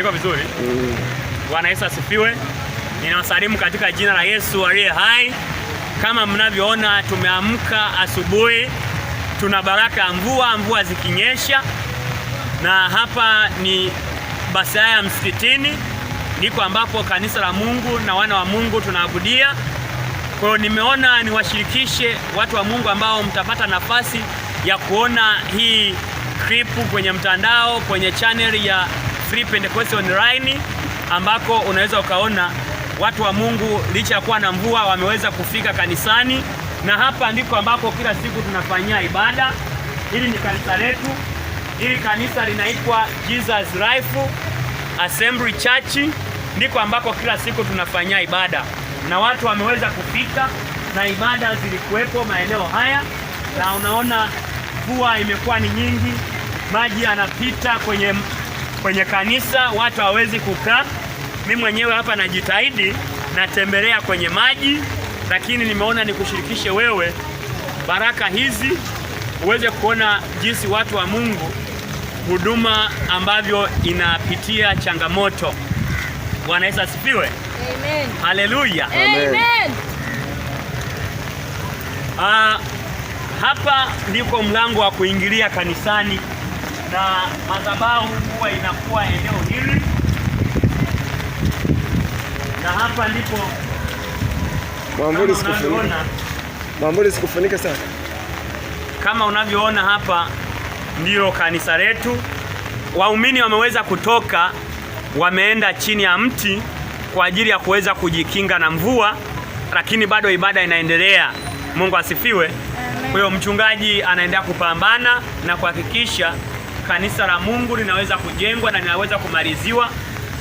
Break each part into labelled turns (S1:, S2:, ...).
S1: Niko vizuri Bwana Yesu asifiwe. Ninawasalimu katika jina la Yesu aliye hai. Kama mnavyoona, tumeamka asubuhi, tuna baraka ya mvua, mvua zikinyesha, na hapa ni Basaya msikitini, ndiko ambapo kanisa la Mungu na wana wa Mungu tunaabudia. Kwa hiyo nimeona niwashirikishe watu wa Mungu ambao mtapata nafasi ya kuona hii klipu kwenye mtandao, kwenye chaneli ya Free Pentecost Online ambako unaweza ukaona watu wa Mungu licha ya kuwa na mvua wameweza kufika kanisani, na hapa ndiko ambako kila siku tunafanyia ibada. Hili ni kanisa letu. Hili kanisa linaitwa Jesus Life Assembly Church, ndiko ambako kila siku tunafanyia ibada na watu wameweza kufika na ibada zilikuwepo maeneo haya, na unaona mvua imekuwa ni nyingi, maji yanapita kwenye kwenye kanisa watu hawezi kukaa. Mimi mwenyewe hapa najitahidi, natembelea kwenye maji, lakini nimeona nikushirikishe wewe baraka hizi uweze kuona jinsi watu wa Mungu huduma ambavyo inapitia changamoto. Bwana Yesu asifiwe. Amen. Haleluya. Amen. Ah, hapa ndiko mlango wa kuingilia kanisani na madhabahu huwa inakuwa eneo hili, na hapa ndipo
S2: mwambuli sikufunika sana.
S1: Kama unavyoona hapa ndiyo kanisa letu. Waumini wameweza kutoka, wameenda chini ya mti kwa ajili ya kuweza kujikinga na mvua, lakini bado ibada inaendelea. Mungu asifiwe. Kwa hiyo mchungaji anaendelea kupambana na kuhakikisha kanisa la Mungu linaweza kujengwa na linaweza kumaliziwa.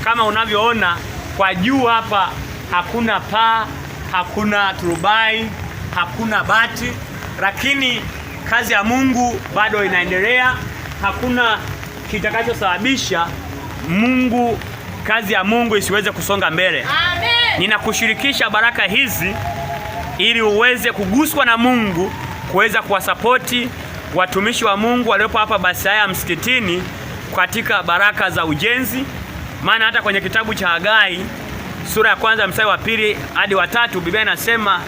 S1: Kama unavyoona kwa juu hapa, hakuna paa, hakuna turubai, hakuna bati, lakini kazi ya Mungu bado inaendelea. Hakuna kitakachosababisha Mungu kazi ya Mungu isiweze kusonga mbele. Amen. Ninakushirikisha baraka hizi ili uweze kuguswa na Mungu kuweza kuwasapoti watumishi wa Mungu waliopo hapa Basiaya msikitini katika baraka za ujenzi, maana hata kwenye kitabu cha Hagai sura ya kwanza mstari wa pili hadi wa tatu Biblia inasema